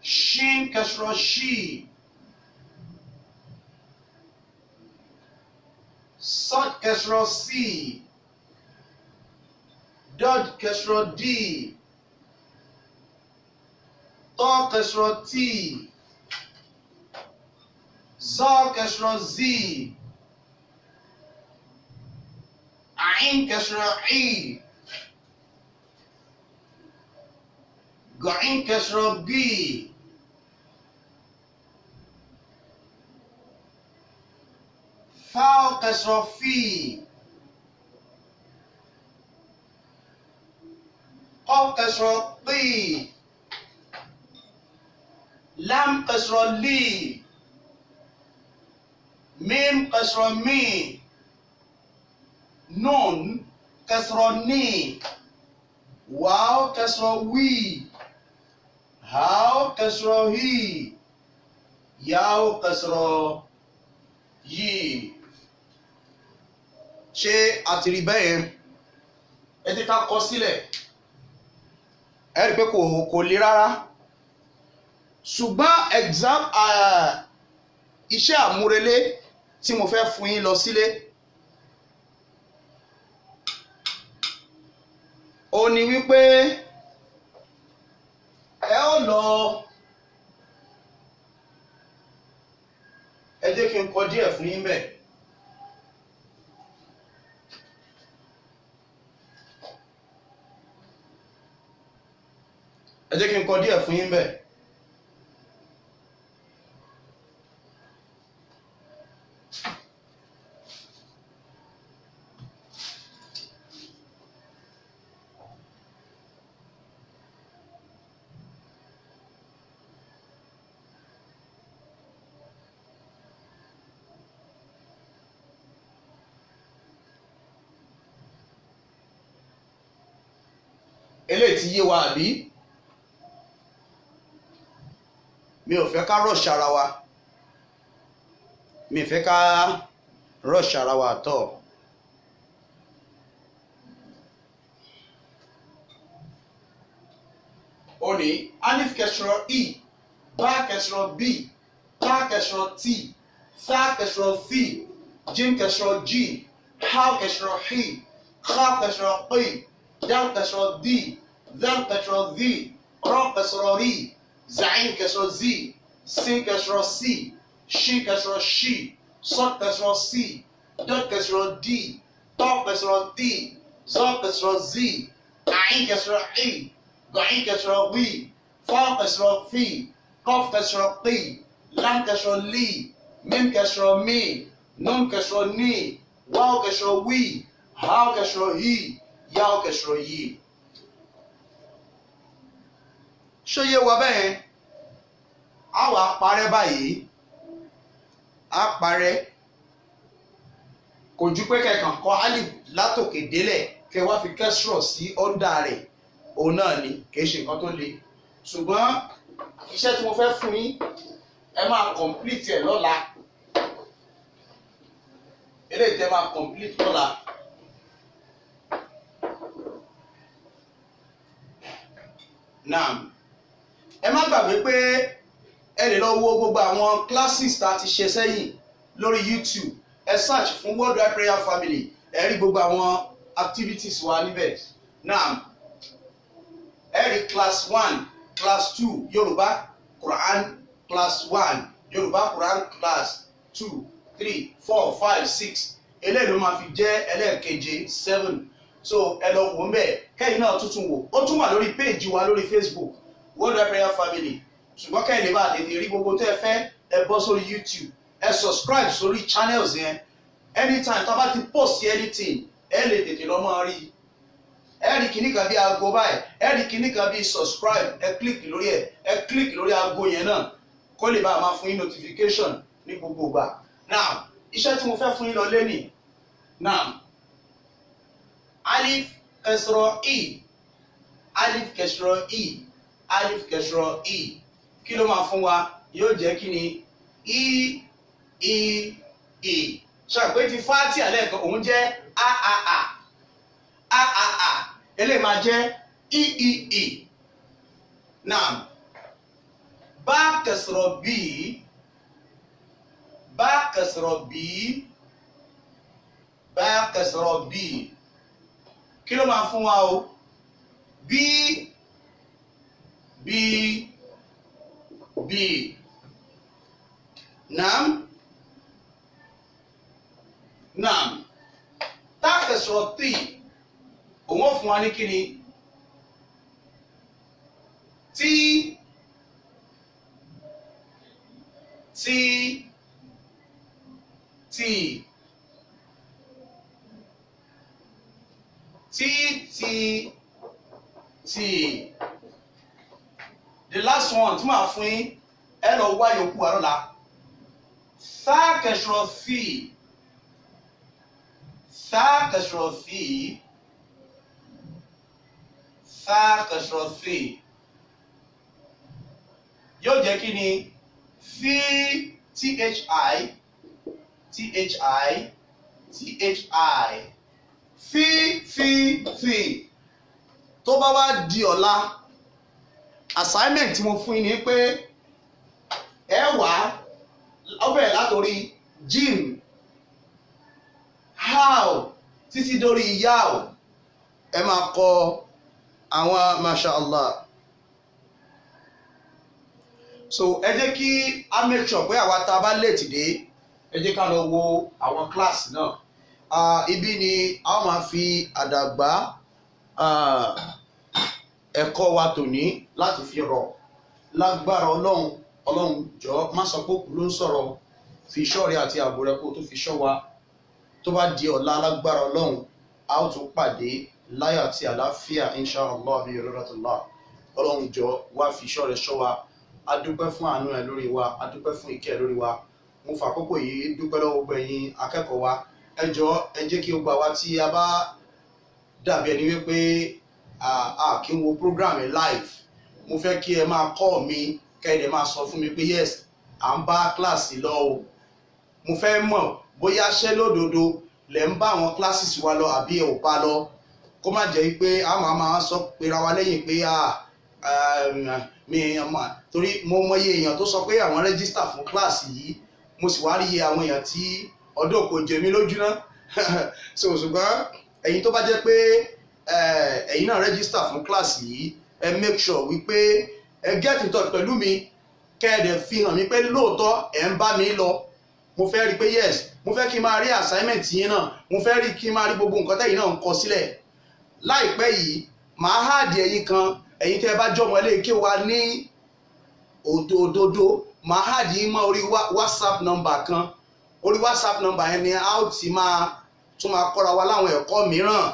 شين كسر الشي kẹsìrọ C, dot kẹsìrọ D, tọ́ kẹsìrọ T, zọ́ kẹsìrọ Z, àìn kẹsìrọ E, gọ̀ìn kẹsìrọ B. فوق صفي قف كسر طي لم قصر لي ميم قصر مي نون قصر ني واو قصر وي هاو قصر هي ياو قصر يي ṣé àti rí bẹ́ẹ̀ yẹn ẹ ti ká kọ sílẹ̀ ẹ rí i pé kò kò le rárá ṣùgbọ́n exam iṣẹ́ àmúrelé tí mo fẹ́ fún yín lọ sílé ó ní wípé ẹ ó lọ ẹ jẹ́ kí n kọ díẹ̀ fún yín bẹ́ẹ̀. jẹ́ kí n kọ díẹ̀ fún yín bẹ́ẹ̀. eléyìí ti yé wa àbí mi ò fẹ́ ká rush ara wa mi ò fẹ́ ká rush ara wa tọ̀. ó ní alif kẹsìrọ e bá kẹsìrọ b tá kẹsìrọ t sá kẹsìrọ c jim kẹsìrọ g ha kẹsìrọ h ha kẹsìrọ p dal kẹsìrọ d zal kẹsìrọ z rọ kẹsìrọ r zain kẹsàn z sin kẹsàn c shin kẹsàn she sọt kẹsàn c dọt kẹsàn d tọ kẹsàn t zọ kẹsàn z ayin kẹsàn i gọyin kẹsàn wi fọ kẹsàn fi kọf kẹsàn p lam kẹsàn li mim kẹsàn mi num kẹsàn ni waw kẹsàn wi haw kẹsàn hi yaw kẹsàn yi ṣó yé wa bẹ́ẹ̀ á wà á parẹ́ báyìí á parẹ́ kò ju pé kẹkàn kọ alif látòkè délẹ̀ kẹ wá fi kẹsùrọ̀ sí ọ̀dà rẹ̀ òun náà ni kì í ṣe nǹkan tó le ṣùgbọ́n iṣẹ́ tí mo fẹ́ fún yín ẹ máa complete ẹ̀ lọ́la eléyìí tẹ́ máa complete lọ́la. Naam ẹ má gbàgbé pé ẹ lè lọ wo gbogbo àwọn classes tá a ti ṣe sẹ́yìn lórí YouTube ẹ search fún worldwide prayer family ẹ rí gbogbo àwọn activities wa níbẹ̀ now ẹ rí class one class two Yorùbá Quran class one Yorùbá Quran class two three four five six eléyìí ló máa fi jẹ́ ẹlẹ́ẹ̀keje seven so ẹ lọ wò ó mẹ́ẹ̀ kẹ́yìn náà tuntun wò ó tún wà lórí péèjì wa lórí Facebook World Wide Prayer Family ṣùgbọ́n kẹ́lẹ́ bá tètè rí gbogbo tẹ́ ẹ fẹ́ ẹ bọ́ sórí YouTube ẹ subscribe sórí channels yẹn anytime tá a bá ti post anything ẹ lè tètè lọ máa rí i ẹ rí kinní kan bí aago báyìí ẹ rí kinní kan bí subscribe ẹ click lórí ẹ ẹ click lórí aago yẹn náà kó lè bá a máa fún yín notification ní gbogbo ìgbà now iṣẹ́ tí mo fẹ́ fún yín lọ lẹ́nìí now alif kẹsìrọ̀ e alif kẹsìrọ̀ e alif kẹsọrọ e kí ló máa fún wa yóò jẹ́ kí ni e e e ṣàpè ti fati àlẹ́kọ̀ọ́ òun jẹ́ a a a a a a eléyìí máa jẹ́ e e e naam bá kẹsọ̀rọ̀ bíi bá kẹsọ̀rọ̀ bíi bá kẹsọ̀rọ̀ bíi kí ló máa fún wa o bíi. B B Nam, nam. tá kẹsọrọ tí òun ò fún wa ní kíni tí tí tí tí tí tí the last one tí màá fún yín ẹ lọ wá yòókù wa lọ́la sáàkẹsọ̀rọ̀ fíì sáàkẹsọ̀rọ̀ fíì sáàkẹsọ̀rọ̀ fíì yóò jẹ́ kí ni fi thi thi thi fi fi fi tó bá wá di ọ̀la. assignment mo fún yín ni pé ẹ wá ó látòrí jim how títí dórí yao ẹ máa kọ àwọn masha allah so ẹ jẹ́ kí a make sure pé àwa tá a bá late dé ẹ jẹ́ ká lọ wo àwọn class náà ah, ibi ni a máa fi àdàgbà. Ah, ẹ̀kọ́ wa tòní láti fi rọ̀ lágbára ọlọ́run ọlọ́run jọ má sọ pé òkú ló ń sọ̀rọ̀ fi iṣọ́ rẹ àti ààbò rẹ kó o tó fi iṣọ́ wa tó bá di ọ̀la lágbára ọlọ́run a ó tún pàdé láyọ̀ àti àlàáfíà insha allah bí yorùbá tó lọ ọlọ́run jọ wá fi iṣọ́ rẹ wa a dúpẹ́ fún àánú ẹ lórí wa a dúpẹ́ fún ìkẹ́ ẹ lórí wa mo fà àkókò yìí dúpẹ́ lọ́wọ́ gbẹ̀yìn akẹ́kọ̀ọ́ wa ẹ jọ ẹ jẹ́ kí o gbà wá tí a bá dàbí ẹni wípé a kì í wo program live mo fẹ́ kí ẹ máa call mi kẹ́ẹ̀dẹ̀ máa sọ fún mi pé yes à ń bá kíláàsì lọ o mo fẹ́ mọ̀ bóyá ṣé lódodo lẹ̀ ń bá àwọn classes wa lọ àbí ẹ ò bá lọ kó má jẹ́ pé àwọn máa sọ pera wa lẹ́yìn pé mi torí mo mọyé èèyàn tó sọ pé àwọn rẹ́gísítà fún kíláàsì yìí mo sì wá rí iye àwọn èèyàn tí ọdún kò jẹ mí lójú náà ṣùgbọ́n ẹ̀yin tó bá jẹ́ pé Eh, ẹ̀yin náà rẹ́gísítà fún kíláàsì yìí ẹ make sure wípé ẹ get in touch pẹ̀lú mi kẹ́ẹ̀dẹ̀ fi hàn mí pé lóòótọ́ ẹ̀ ń bá mi lọ mo fẹ́ rí i pé yes mo fẹ́ kí n máa rí assignment yín náà mo fẹ́ rí kí n máa rí gbogbo nǹkan tẹ̀yin náà ń kọ sílẹ̀ láìpẹ́ yìí màá háàdì ẹ̀yin kan ẹ̀yin tẹ́ ẹ bá jọmọ ilé kí wa ní òdodo màá háàdì yín mọ́ orí whatsapp number kan orí whatsapp number yẹn ni a ó ti máa tún máa kọ́ra wa láwọn ẹ̀kọ́ mìíràn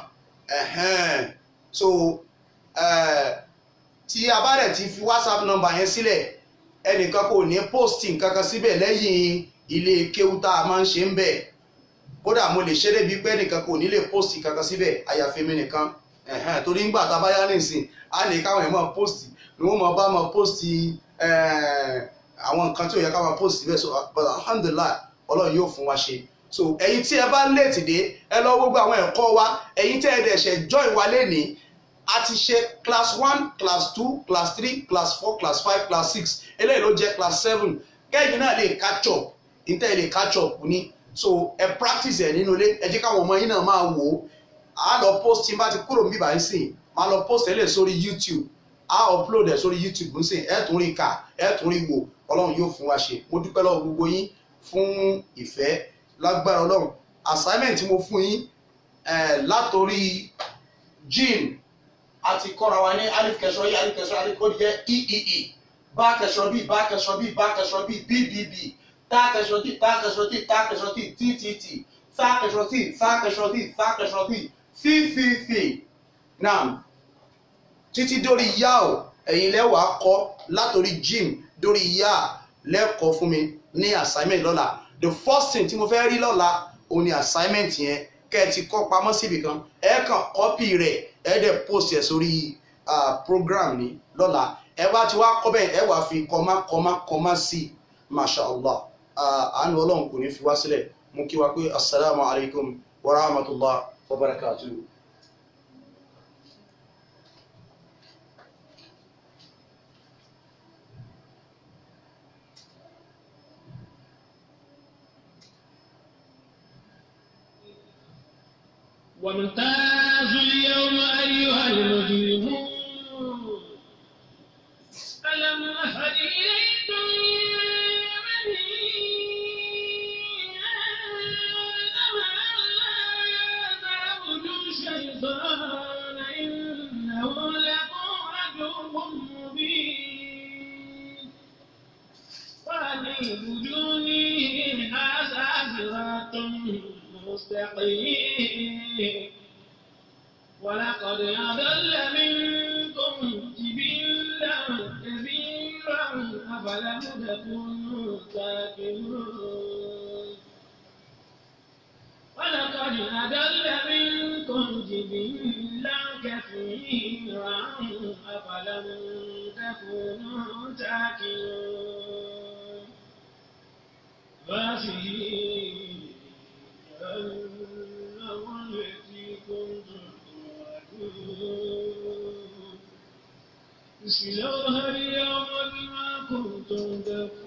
ẹ̀hẹ́n so eh, tí a bá rẹ̀ ti fi whatsapp number yẹn sílẹ̀ ẹnìkan kò ní post nǹkankan síbẹ̀ lẹ́yìn ilé kéwú tá a máa ń ṣe ń bẹ̀ kódà mo lè ṣe débi pé ẹnìkan kò ní lè post nǹkankan síbẹ̀ àyàfi mi nìkan torí ńgbà tá a bá yá nìsín á ní káwọn ẹ̀ máa post ni wọ́n máa bá máa post eh, àwọn nǹkan tí ò yẹ ká máa post síbẹ̀ so but ọlọ́run yóò fún wa ṣe so ẹ̀yin tí ẹ bá late dé ẹ lọ gbogbo àwọn ẹ̀kọ́ wa ẹ̀yin tẹ́ ẹ dẹ̀ ṣẹ̀ join wa lénìí a ti ṣe class one class two class three class four class five class six eléyìí ló jẹ́ class seven kẹ́yìn náà lè catch up ìtẹ́ ẹ lè catch up ní so ẹ practice ẹ nínú ilé ẹ jẹ́ káwọn ọmọ yín náà máa wò ó a lọ post tí n bá ti kúrò níbà yín sìn máa lọ post ẹ lè sórí YouTube a upload ẹ sórí YouTube ń sìn ẹ tún rí kà ẹ tún rí wò ọlọ́run yóò fún wa ṣe mo dúpẹ́ lọ́wọ́ gbogbo yín fún ìfẹ́ lágbára ọlọ́run assignment tí mo fún yín látòrí gene àti kọ́ra wa ní alif kẹsàn-án yìí alif kẹsàn-án alif kódì jẹ́ eee e e. bá kẹsàn-án bíi bá kẹsàn-án bíi bá kẹsàn-án bíi bbb tá kẹsàn-án tí tá kẹsàn-án tí tá kẹsàn tí ttt tá kẹsàn tí tá kẹsàn tí tá kẹsàn tí fífífì náà títí dórí yá ẹ̀yin lẹ́wàá kọ́ látòrí gene dórí yá lẹ́kọ̀ọ́ fún mi ní assignment lọ́la the first thing tí mo fẹ́ rí lọ́la òun ni assignment yẹn kẹ́ ẹ ti kọ́ pamọ́ síbi kan ẹ kàn copy rẹ̀ ẹ dẹ̀ post ẹ̀ sórí program ni lọ́la ẹ bá ti wá kọ́ bẹ́ẹ̀ ẹ wá fi kọ́má kọ́má kọ́má sí i masha àánú ọlọ́run kò ní fi wá sílẹ̀ mú kí wá pé asalaamualeykum wa rahmatulah wa barakatuhu. وامتاز اليوم أيها المجرمون ألم أعهد إليكم يا بني ألا إنه لكم مبين مستقيم ولقد أضل منكم جبلا كثيرا أفلم تكونوا تاكلون ولقد أضل منكم جبلا كثيرا أفلم تكونوا تاكلون إلى النهر يوما ما كنتم تكفرون